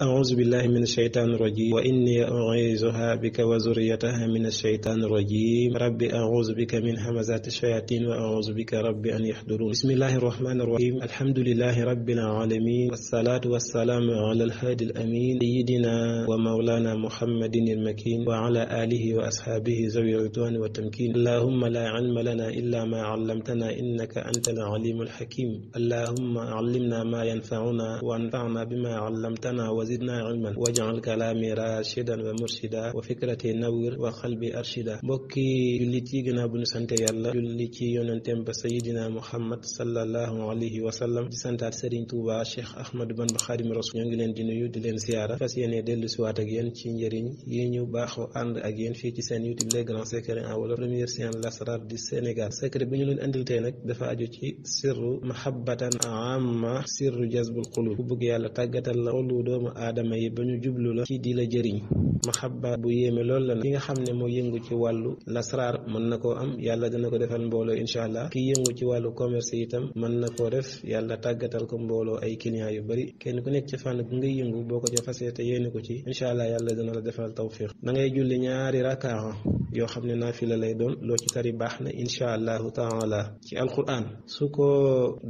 أعوذ بالله من الشيطان الرجيم وإني أعيذها بك وزريتها من الشيطان الرجيم ربي أعوذ بك من همزات الشياطين وأعوذ بك ربي أن يحضرون بسم الله الرحمن الرحيم الحمد لله رب العالمين والصلاة والسلام على الهادي الأمين سيدنا ومولانا محمد المكين وعلى آله وأصحابه ذوي الرضوان والتمكين اللهم لا علم لنا إلا ما علمتنا إنك أنت العليم الحكيم اللهم علمنا ما ينفعنا وانفعنا بما علمتنا وزي وزدنا علما واجعل كلامي راشدا ومرشدا وفكرتي نور وقلبي ارشدا بوكي جلتي جنا بن سانتا يالا جلتي يونتيم سيدنا محمد صلى الله عليه وسلم سانتا سيرين توبا شيخ احمد بن بخاري مرسو نيو نين دي نيو دي لين زياره فاسيني ديلو سوات اك يين سي نيرين يي نيو باخو اند اك يين في سي سين يوتيوب لي غران سيكري ان ولا بروميير سيان لاسرار دي سينيغال سيكري بي نيو اندل تي نك دافا اديو سي سر محبه عامه سر جذب القلوب بوغ يالا تاغاتال لا اولو دوما aadama yi ba ñu jublu la ci di la jëriñ maxabba bu yéeme loolu la nag ki nga xam ne moo yëngu ci wàllu lasraar mën na koo am yàlla dina ko defal mbooloo incha allah ki yëngu ci wàllu commerce itam mën na koo def yàlla tàggatal ko mbooloo ay clients yu bari kenn ku nekk ci fànn bu nga yëngu boo ko ca fasee te yéene ko ci incha allah yàlla dina la defal tawfiq da ngay julli ñaari rakaa yoo xam ne naafila lay doon loo ci tari baax na incha allahu taala ci alquran su ko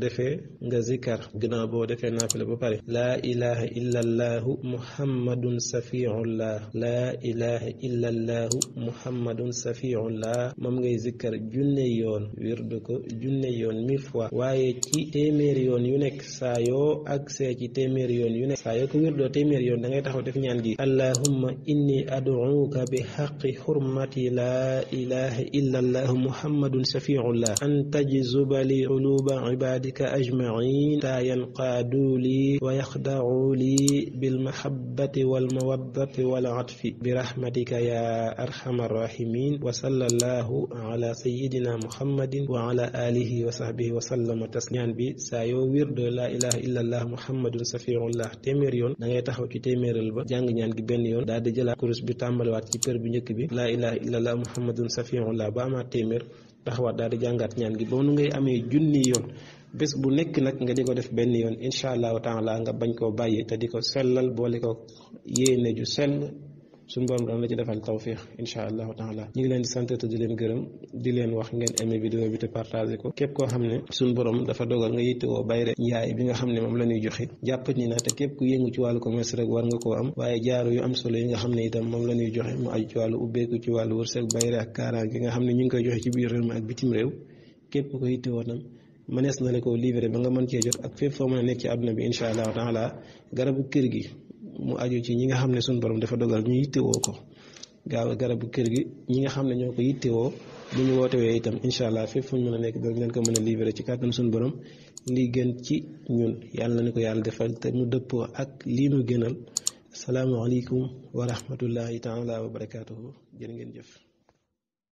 defee nga zikkar ginnaaw boo illallaahu muhammadun safiullah laa ilaha illallaahu muhammadun safiullah moom ngay zikkar junne yoon wirdu ko junne yoon mille waaye ci téeméeri yoon yu nekk saa yoo ak see ci téeméeri yoon yu nekk saa yoo ko wirdoo téeméeri yoon da ngay taxaw def ñaan gi allahumma inni aduuka bi xaqi xurmati laa ilaha illallaahu safiullah an tajzuba li uluba ibadika ajmain taa yanqaadu li wa yaxdaru li بالمحبة والمودة والعطف برحمتك يا أرحم الراحمين وصلى الله على سيدنا محمد وعلى آله وصحبه وسلم تسليما سيوير لا إله إلا الله محمد سفير الله تيميريون نغي تاخو الب جانغ نيان كي دا دي كروس بي تامل وات لا إله إلا الله محمد سفير الله باما تيمير تاخوات دا دي جانغات نيان كي بو نغي امي bés bu nekk nag nga di ko def benn yoon incha allahu taala nga bañ koo bàyyi te di ko sellal boole ko yéene ju sell suñu borom dana la ci defal tawfiix incha allahu taala ñu ngi leen di di leen gërëm di leen wax ngeen aimé vidéo bi te partagé ko képp koo xam ne suñu borom dafa dogal nga yittewoo bayre njaay bi nga xam ne moom la ñuy joxe jàpp ni na te képp ku yëngu ci wàllu commerce rek war nga ko am waaye jaaru yu am solo yi nga xam ne itam moom la ñuy joxe mu aju ci wàllu ubbeeku ci wàllu wërsëg bayre ak kaaraange nga xam ne ñu ngi koy joxe ci biir réew mi ak bitim réew képp ko yittewoo tam mënees na la ko libéré ba nga mën cee jot ak fépp foo mën a nekk ci àdduna bi incha allahu taala garabu kër gi mu aju ci ñi nga xam ne suñu borom dafa dogal ñu yittewoo ko gaaw garabu kër gi ñi nga xam ne ñoo ko yittewoo bu ñu wootewee itam incha allah fépp fu ñu mën a nekk dooñu leen ko mën a libéré ci kàttan suñu borom lii gën ci ñun yàlla na ni ko yàlla defal te mu dëppoo ak lii nu gënal salaamualeykum wa rahmatullahi taala wa barakaatuhu jërë ngeen jëf